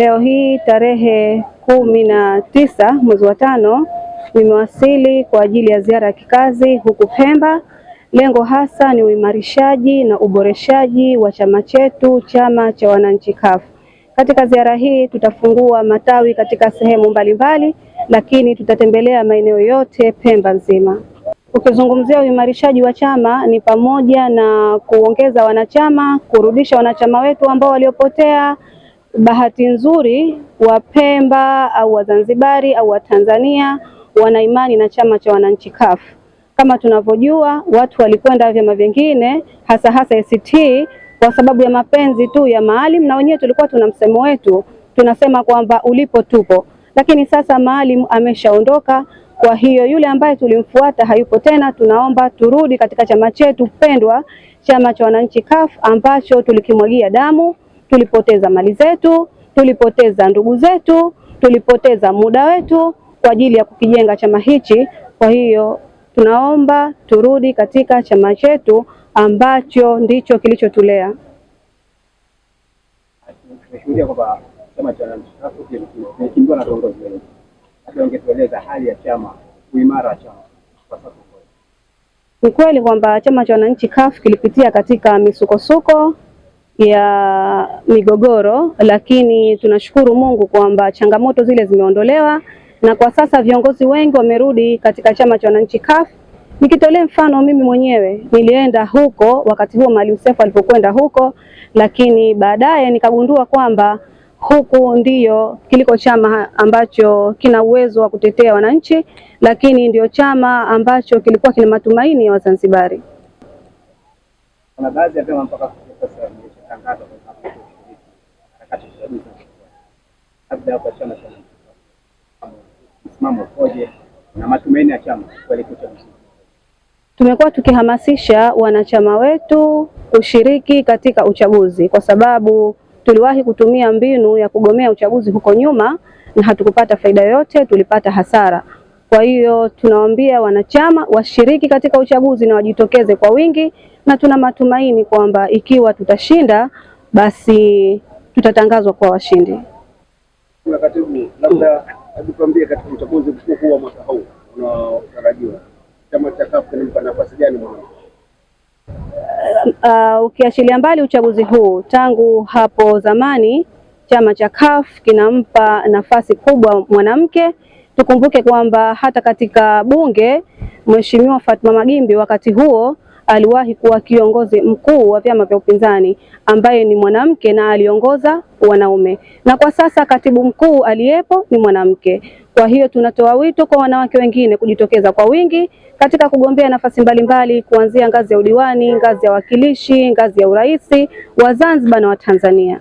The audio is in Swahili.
Leo hii tarehe kumi na tisa mwezi wa tano nimewasili kwa ajili ya ziara ya kikazi huku Pemba. Lengo hasa ni uimarishaji na uboreshaji wa chama chetu, chama cha wananchi CUF. Katika ziara hii tutafungua matawi katika sehemu mbalimbali, lakini tutatembelea maeneo yote Pemba nzima. Ukizungumzia uimarishaji wa chama ni pamoja na kuongeza wanachama, kurudisha wanachama wetu ambao waliopotea bahati nzuri Wapemba au Wazanzibari au Watanzania wana imani na chama cha wananchi kafu. Kama tunavyojua watu walikwenda vyama vingine hasa hasa ACT kwa sababu ya mapenzi tu ya Maalim, na wenyewe tulikuwa tuna msemo wetu tunasema kwamba ulipo tupo, lakini sasa Maalim ameshaondoka. Kwa hiyo yule ambaye tulimfuata hayupo tena, tunaomba turudi katika chama chetu pendwa, chama cha wananchi CUF ambacho tulikimwagia damu tulipoteza mali zetu, tulipoteza ndugu zetu, tulipoteza muda wetu kwa ajili ya kukijenga chama hichi. Kwa hiyo tunaomba turudi katika chama chetu ambacho ndicho kilichotulea. Ni kweli kwamba chama cha wananchi CUF kilipitia katika misukosuko ya migogoro, lakini tunashukuru Mungu kwamba changamoto zile zimeondolewa na kwa sasa viongozi wengi wamerudi katika chama cha wananchi CUF. Nikitolea mfano mimi mwenyewe nilienda huko wakati huo Maalim Seif alipokwenda huko, lakini baadaye nikagundua kwamba huku ndiyo kiliko chama ambacho kina uwezo wa kutetea wananchi, lakini ndio chama ambacho kilikuwa kina matumaini ya Wazanzibari. Kuna baadhi ya vyama mpaka labda kwa chama cha msimamo ukoje na matumaini ya chama kuelekea uchaguzi? Tumekuwa tukihamasisha wanachama wetu kushiriki katika uchaguzi kwa sababu tuliwahi kutumia mbinu ya kugomea uchaguzi huko nyuma na hatukupata faida yoyote, tulipata hasara. Kwa hiyo tunawaambia wanachama washiriki katika uchaguzi na wajitokeze kwa wingi, na tuna matumaini kwamba ikiwa tutashinda, basi tutatangazwa kwa washindi. Katibu, labda katika uchaguzi mkuu wa mwaka huu unaotarajiwa, chama cha CUF kinampa nafasi gani? Ukiachilia uh, uh, mbali uchaguzi huu, tangu hapo zamani chama cha CUF kinampa nafasi kubwa mwanamke Tukumbuke kwamba hata katika bunge Mheshimiwa Fatma Magimbi wakati huo aliwahi kuwa kiongozi mkuu wa vyama vya upinzani ambaye ni mwanamke na aliongoza wanaume, na kwa sasa katibu mkuu aliyepo ni mwanamke. Kwa hiyo tunatoa wito kwa wanawake wengine kujitokeza kwa wingi katika kugombea nafasi mbalimbali, kuanzia ngazi ya udiwani, ngazi ya wakilishi, ngazi ya urais wa Zanzibar na wa Tanzania.